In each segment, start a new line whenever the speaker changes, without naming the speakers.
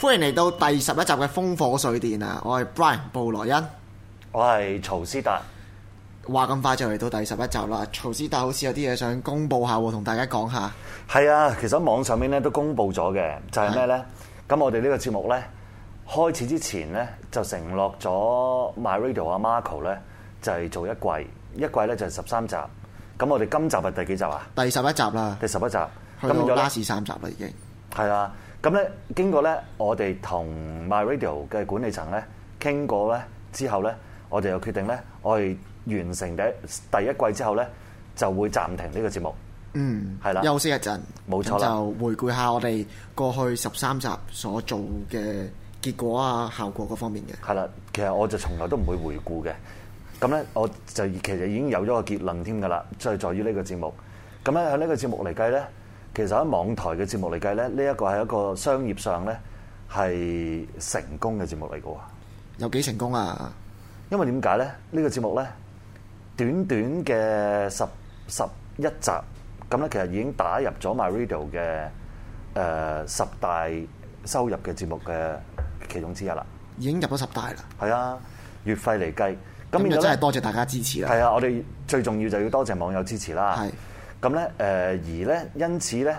歡迎嚟到第十一集嘅《風火水電》啊！我係 Brian 布萊恩，我係曹撕達。話咁快就嚟到第十一集啦！曹撕達好似有啲嘢
想公布一下，同大家講下。係啊，其實網上面咧都公布咗嘅，就係咩咧？咁、啊、我哋呢個節目咧開始之前咧就承諾咗 MyRadio 阿 Marco 咧就係做一季，一季咧就係十三集。咁我哋今集係第幾集啊？第十一集啦。第十一集，今集尾三集啦，已經係啊。咁咧，經過咧，我哋同 MyRadio 嘅管理層咧傾過咧之後咧，我哋又決定咧，我哋完成第第一季之後咧，就會暫停呢
個節目。嗯，係啦的，休息一陣，冇錯啦，就回顧下我哋過去十三集所做嘅結果啊、效果嗰方面嘅。係啦，其實我就從來都唔會
回顧嘅。咁咧，我就其實已經有咗個結論添㗎啦，即係在於呢個節目。咁咧喺呢個節目嚟計咧。其實喺網台嘅節目嚟計咧，呢、呢一個係一個商業上咧係成功嘅節目嚟嘅喎。有幾成功啊？因為點解咧？呢、呢個節目咧短短嘅十十一集，咁咧其實已經打入咗 MyRadio 嘅誒十大收入嘅節目嘅其中之一啦。已經入咗十大啦。係啊，月費嚟計，咁就真係多謝大家支持啦。係啊，我哋最重要就要多謝網友支持啦。係。咁咧，誒而咧，因此咧，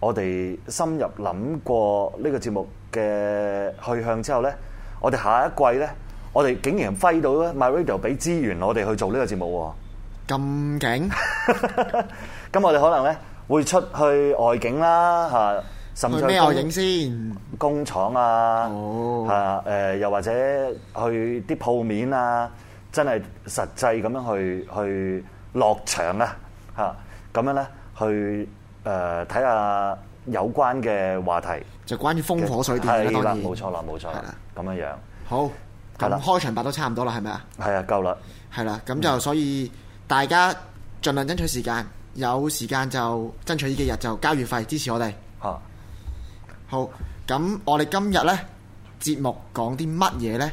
我哋深入諗過呢個節目嘅去向之後咧，我哋下一季咧，我哋竟然揮到 MyRadio 俾資源我哋去做呢個節目喎，咁勁！咁我哋可能咧會出去外景啦，嚇，甚至去咩外景先？工廠啊，oh、又或者去啲鋪面啊，真係實際咁樣去去落場啊，嚇。咁樣咧，去睇下、呃、有關嘅話題，就關於風火水電咧。對當然，冇錯啦，冇錯啦，咁的樣樣
好咁的開場白都差唔多啦，係咪啊？係啊，夠啦。係啦，咁就所以大家盡量爭取時間，嗯、有時間就爭取呢幾日就交月費支持我哋。啊、好咁，我哋今日咧節目講啲乜嘢咧？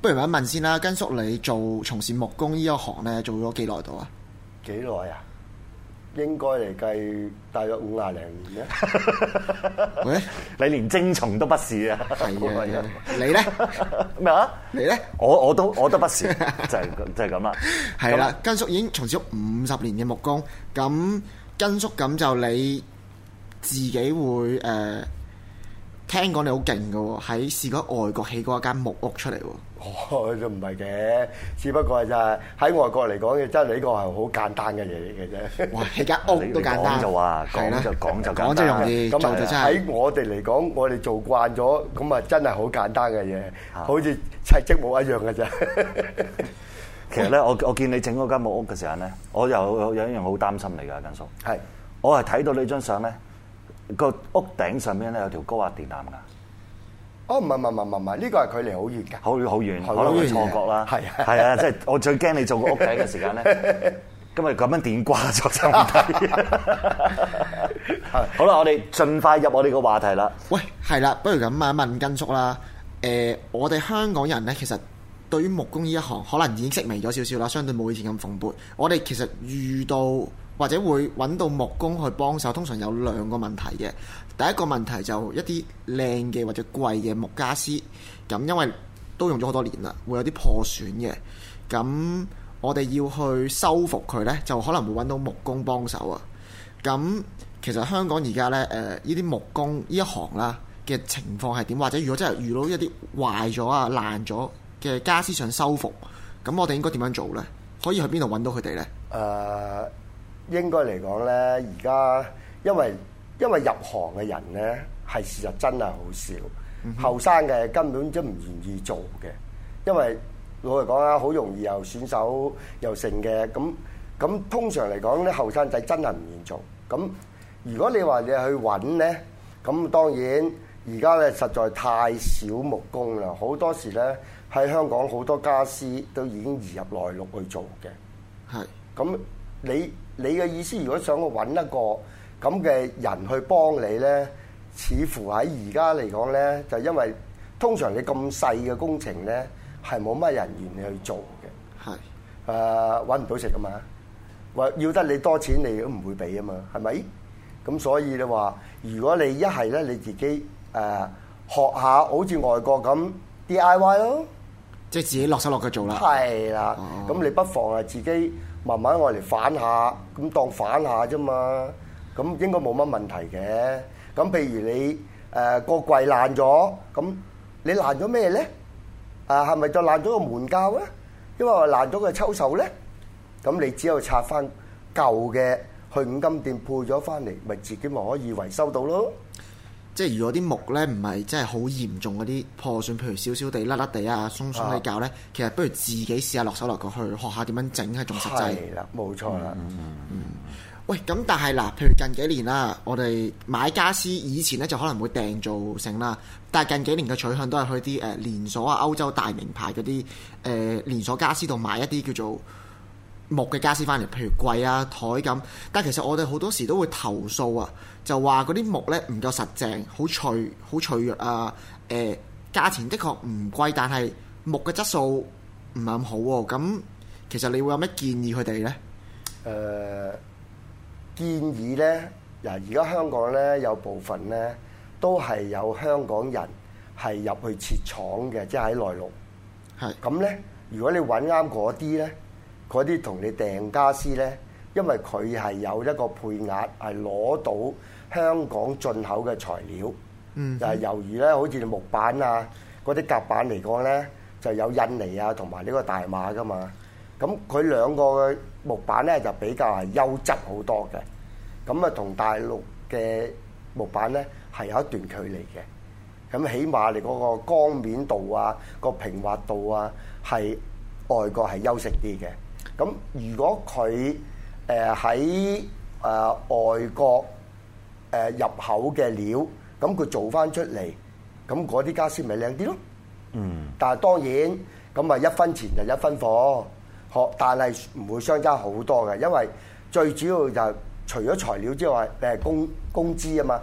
不如問一問先啦，根叔，你做從事木工呢一行咧，做咗幾耐度啊？
幾耐啊？應該嚟計大約五十零年啦。
What?
你連精蟲都唔係啊？係啊，你咧
咩啊？你咧呢？
我我都我都唔 係，就係就係咁啦。
係啦的，那麼 根叔已經從事咗五十年嘅木工。咁根叔咁就你自己會誒、呃，聽講你好勁噶喎，喺試過外國起過一間木屋出嚟。我
都唔係嘅，只不過就係喺外國嚟講嘅，真係呢個係好簡單嘅嘢嚟嘅啫。哇！起間屋都簡單，講就話講就講就簡單。咁喺我哋嚟講，我哋做慣咗，咁啊真係好簡單嘅嘢，好似砌積木一
樣嘅啫。其實咧，我我見你整嗰間木屋嘅時候咧，我又有一樣好擔心你噶，根叔。係，我係睇到你張相咧，個屋頂上面咧有條高壓電纜噶。哦，唔係唔係唔係唔係，呢個係距離好遠嘅。好好遠，好遠好遠可能會錯覺啦。係啊，係啊，即係 我最驚你做個屋企嘅時間咧，今日咁樣電瓜
咗真係。好啦，我哋 盡快入我哋個話題啦。喂，係啦、啊，不如咁問一問根叔啦。誒、呃，我哋香港人咧，其實對於木工呢一行，可能已經識微咗少少啦，相對冇以前咁蓬勃。我哋其實遇到。或者會揾到木工去幫手，通常有兩個問題嘅。第一個問題就一啲靚嘅或者貴嘅木家私，咁因為都用咗好多年啦，會有啲破損嘅。咁我哋要去修復佢呢，就可能會揾到木工幫手啊。咁其實香港而家呢，誒呢啲木工呢一行啦嘅情況係點？或者如果真係遇到一啲壞咗啊、爛咗嘅家私想修復，咁我哋應該點樣做呢？可以去邊度揾到佢哋呢？誒。呃
應該嚟講呢，而家因為因為入行嘅人呢，係事實真係好少，後生嘅根本就唔願意做嘅，因為老實講啊，好容易又選手又成嘅，咁咁通常嚟講呢，後生仔真係唔願意做。咁如果你話你去揾呢，咁當然而家呢，實在太少木工啦，好多時呢，喺香港好多家私都已經移入內陸去做嘅，係咁是你。你嘅意思，如果想我揾一個咁嘅人去幫你咧，似乎喺而家嚟講咧，就因為通常你咁細嘅工程咧，係冇乜人員去做嘅。係是、呃，誒揾唔到食噶嘛，或要得你多錢，你都唔會俾啊嘛，係咪？咁所以你話，如果你一係咧，你自己誒、呃、學下，好似外國咁 DIY 咯，即係自
己落手落腳做啦的。
係啦，咁你不妨係自己。慢慢我嚟反下，咁當反下啫嘛，咁應該冇乜問題嘅。咁譬如你誒個、呃、櫃爛咗，咁你爛咗咩咧？啊，係咪就爛咗個門架咧？因為話爛咗個抽手咧，咁你只有拆翻舊
嘅去五金
店配咗翻嚟，咪自己咪可以維修到咯。
即係如果啲木咧唔係真係好嚴重嗰啲破損，譬如少少地、甩甩地啊、鬆鬆啲搞咧，啊、其實不如自己試下落手落腳去學下點樣整係仲實際。係啦，
冇錯啦、嗯。嗯嗯嗯。
喂，咁但係嗱，譬如近幾年啦，我哋買傢俬以前咧就可能會訂做性啦，但係近幾年嘅取向都係去啲連鎖啊、歐洲大名牌嗰啲、呃、連鎖傢俬度買一啲叫做，木嘅家私翻嚟，譬如櫃啊台咁，但係其實我哋好多時都會投訴啊，就話嗰啲木呢唔夠實淨，好脆，好脆弱啊！誒、欸，價錢的確唔貴，但係木嘅質素唔係咁好喎、啊。咁其實你會有咩建議佢哋呢、呃？
建議呢，嗱而家香港呢有部分呢都係有香港人係入去設廠嘅，即係喺內陸。係是。咁呢，如果你揾啱嗰啲呢。嗰啲同你訂家私呢，因為佢係有一個配額，係攞到香港進口嘅材料，就係由於呢，好似木板啊，嗰啲夾板嚟講呢，就有印尼啊同埋呢個大馬㗎嘛。咁佢兩個嘅木板呢就比較係優質好多嘅，咁啊同大陸嘅木板呢係有一段距離嘅。咁起碼你嗰個光面度啊，個平滑度啊，係外國係優勝啲嘅。咁如果佢誒喺誒外國誒入口嘅料，咁佢做返出嚟，咁嗰啲傢俬咪靚啲咯？嗯。但係當然，咁啊一分錢就一分貨，可但係唔會相差好多嘅，因為最主要就係除咗材料之外，誒工工資啊嘛，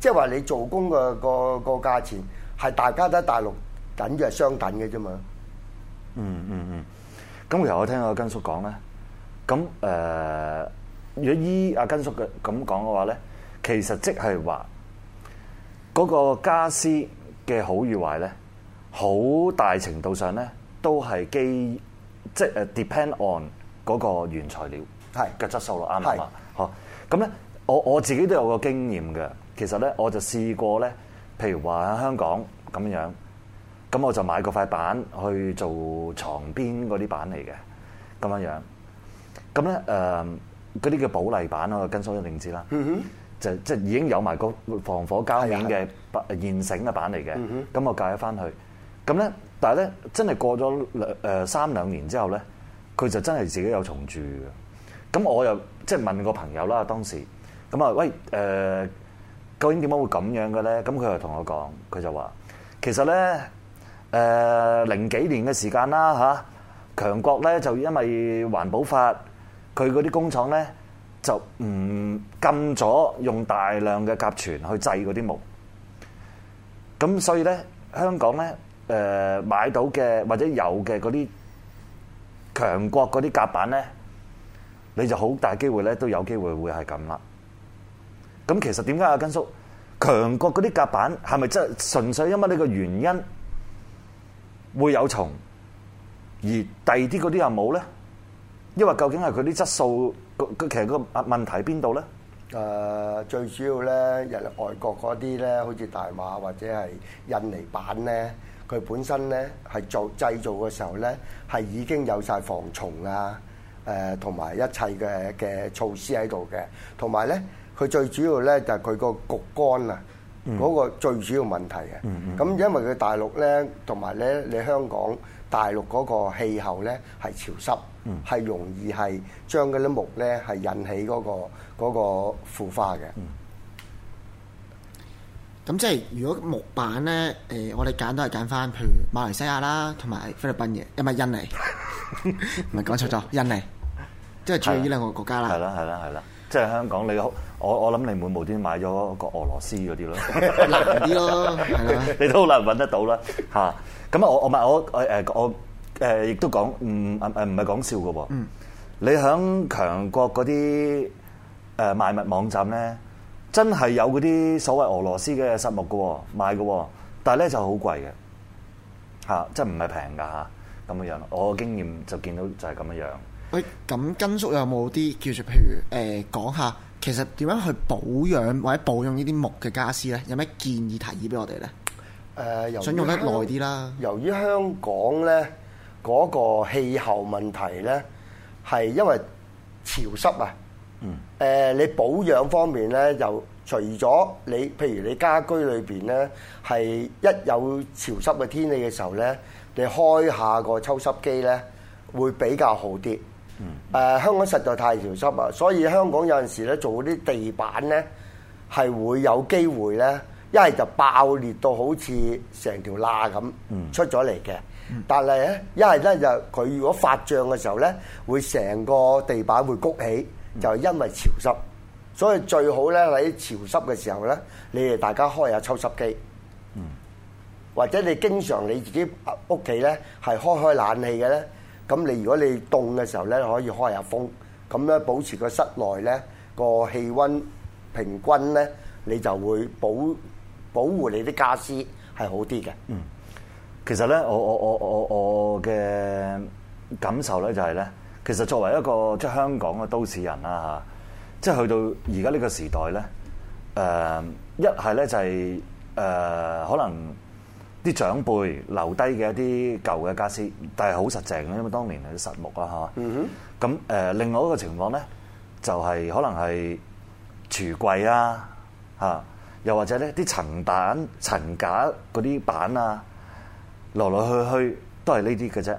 即係話你做工個個個價錢係大家都喺大陸緊要係相等嘅啫嘛。嗯嗯嗯。
咁，日由我聽根、呃、阿根叔講咧，咁如果依阿根叔嘅咁講嘅話咧，其實即係話嗰個家俬嘅好與壞咧，好大程度上咧都係基，即、就、誒、是、depend on 嗰個原材料，嘅腳質素咯啱唔啱？好，咁咧，我我自己都有個經驗嘅，其實咧我就試過咧，譬如話喺香港咁樣。咁我就買個塊板去做床邊嗰啲板嚟嘅，咁樣樣。咁咧誒，嗰啲叫保麗板咯，我跟所一定知啦，mm hmm. 就即係已經有埋個防火膠面嘅現成嘅板嚟嘅。咁、mm hmm. 我介翻去，咁咧，但係咧真係過咗兩三兩年之後咧，佢就真係自己有重住嘅。咁我又即係問個朋友啦，當時咁啊，喂誒、呃，究竟點解會咁樣嘅咧？咁佢就同我講，佢就話其實咧。誒、呃、零幾年嘅時間啦嚇，強國咧就因為環保法，佢嗰啲工廠咧就唔禁咗用大量嘅甲醛去製嗰啲木。咁所以咧，香港咧誒、呃、買到嘅或者有嘅嗰啲強國嗰啲夾板咧，你就好大機會咧都有機會會係咁啦。咁其實點解阿根叔，強國嗰啲夾板係咪真係純粹因為呢個原因？會有蟲，而第二啲嗰啲又冇咧，因為究竟係佢啲質素，佢其實個
問題喺邊度咧？誒、呃，最主要咧，日外國嗰啲咧，好似大馬或者係印尼版咧，佢本身咧係做製造嘅時候咧，係已經有晒防蟲啊，誒同埋一切嘅嘅措施喺度嘅，同埋咧佢最主要咧就係佢個焗乾啊。嗰個最主要問題嘅，咁因為佢大陸呢，同埋呢你香港大陸嗰個氣候呢係潮濕，係容易係將嗰啲木呢係引起嗰個嗰個腐化嘅。
咁即係如果木板呢，誒我哋揀都係揀翻，譬如馬來西亞啦，同埋菲律賓嘅，一唔係印尼，唔係講錯咗，印尼，即係主要呢兩個國家啦。係啦，係啦，
係啦。即係香港，你我我諗你冇無端買咗個俄羅斯嗰啲咯，難啲咯，你都難揾得到啦嚇。咁啊，我我咪我誒我亦都講唔唔係講笑嘅喎。你喺強國嗰啲誒賣物網站咧，真係有嗰啲所謂俄羅斯嘅實木嘅賣嘅，但係咧就好貴嘅嚇，即係唔係平㗎嚇咁嘅樣。我經驗就見到就係咁嘅樣。
喂，咁根叔有冇啲叫做，譬如誒，講下其實點樣去保養或者保養呢啲木嘅家私呢？有咩建議提議俾我哋呢？誒、
呃，想用得耐啲啦。由於香港呢嗰，那個氣候問題呢，係因為潮濕啊。嗯。誒、呃，你保養方面呢，又除咗你，譬如你家居裏邊呢，係一有潮濕嘅天氣嘅時候呢，你開下個抽濕機呢，會比較好啲。誒、uh, 香港實在太潮濕啦，所以香港有陣時咧做啲地板咧係會有機會咧，一係就爆裂到好似成條罅咁出咗嚟嘅。嗯、但係咧，一係咧就佢如果發脹嘅時候咧，會成個地板會谷起，嗯、就係因為潮濕。所以最好咧喺潮濕嘅時候咧，你哋大家開下抽濕機，嗯、或者你經常你自己屋企咧係開開冷氣嘅咧。咁你如果你凍嘅時候咧，可以開下風，咁咧保持個室內咧個氣溫平均咧，你就會保保護你啲傢俬係好啲嘅。嗯，
其
實咧，我我我我我嘅
感受咧就係咧，其實作為一個即係香港嘅都市人啦吓，即係去到而家呢個時代咧，誒一係咧就係誒可能。啲長輩留低嘅一啲舊嘅傢俬，但係好實淨嘅，因為當年係實木啊。嚇、嗯哼。咁誒，另外一個情況咧，就係、係、可能係櫥櫃啊，嚇，又或者咧啲層板、層架嗰啲板啊，來來去去都係呢啲嘅啫。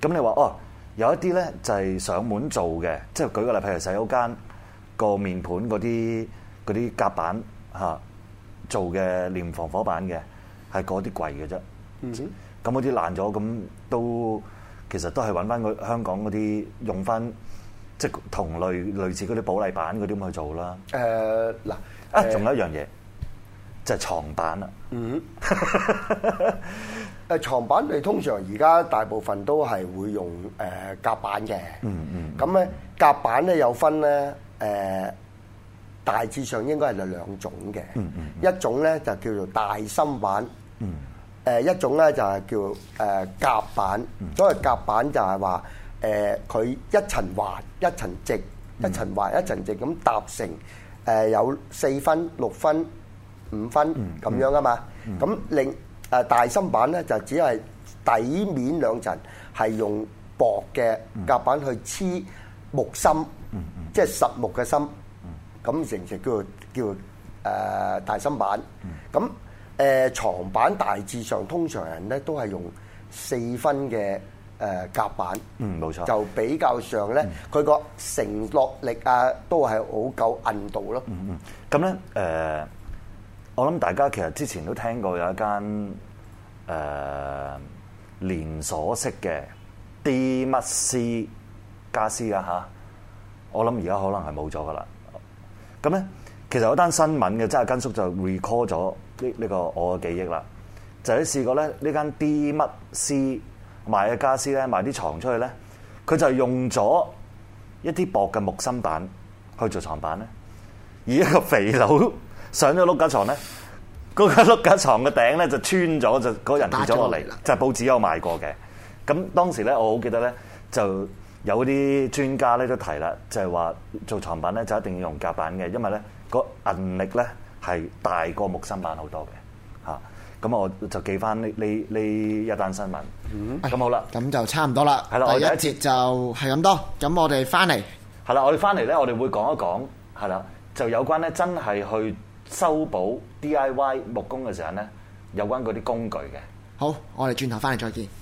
咁你話哦，有一啲咧就係上門做嘅，即係舉個例譬如洗手間個面盤嗰啲嗰啲夾板嚇，做嘅連防火板嘅。係嗰啲貴嘅啫，咁嗰啲爛咗，咁都其實都係揾翻個香港嗰啲用翻即係同類類似嗰啲保麗
板嗰啲咁去做啦。誒嗱、uh, uh, 啊，仲有一樣嘢，即、就、係、是、床板啦。嗯、mm，誒、hmm. 牀 板你通常而家大部分都係會用誒夾板嘅。嗯嗯、mm。咁咧夾板咧有分咧誒，大致上應該係兩種嘅。Mm hmm. 一種咧就叫做大芯板。嗯，誒一種咧就係叫誒夾板，所謂夾板就係話誒佢一層橫一層直，一層橫一層直咁搭成誒、呃、有四分六分五分咁、嗯嗯、樣啊嘛，咁另誒大芯板咧就只係底面兩層係用薄嘅夾板去黐木芯，嗯嗯、即係實木嘅芯，咁成隻叫做叫誒、呃、大芯板，咁、嗯。嗯。誒牀板大致上，通常人咧都係用四分嘅誒夾板，嗯，冇錯，就比較上咧，佢個、嗯、承落力啊，都係好夠硬度咯、嗯。嗯
嗯，咁咧誒，我諗大家其實之前都聽過有一間誒、呃、連鎖式嘅 D 乜 C 家私啊，嚇，我諗而家可能係冇咗㗎喇。咁咧，其實有單新聞嘅，即係根叔就 recall 咗。呢呢個我嘅記憶啦，就啲、係、試過咧，呢間 d 乜 c 賣嘅傢俬咧，賣啲床出去咧，佢就用咗一啲薄嘅木芯板去做床板咧，而一個肥佬上咗碌架床咧，嗰碌架床嘅頂咧就穿咗，就嗰人跌咗落嚟，就報紙有賣過嘅。咁當時咧，我好記得咧，就有啲專家咧都提啦，就係話做床板咧就一定要用夾板嘅，因為咧個韌力咧。係大過木心板好多嘅嚇，咁我就記翻呢呢呢一單新聞。
咁好啦，咁、hmm. 唉就差唔多啦，
係啦，第一節
就係咁多。咁我哋翻嚟，
係啦，我哋翻嚟咧，我哋會講一講，係啦，就有關咧真係去修補 D I Y 木工嘅時候咧，有關嗰啲工具嘅。
好，我哋轉頭翻嚟再見。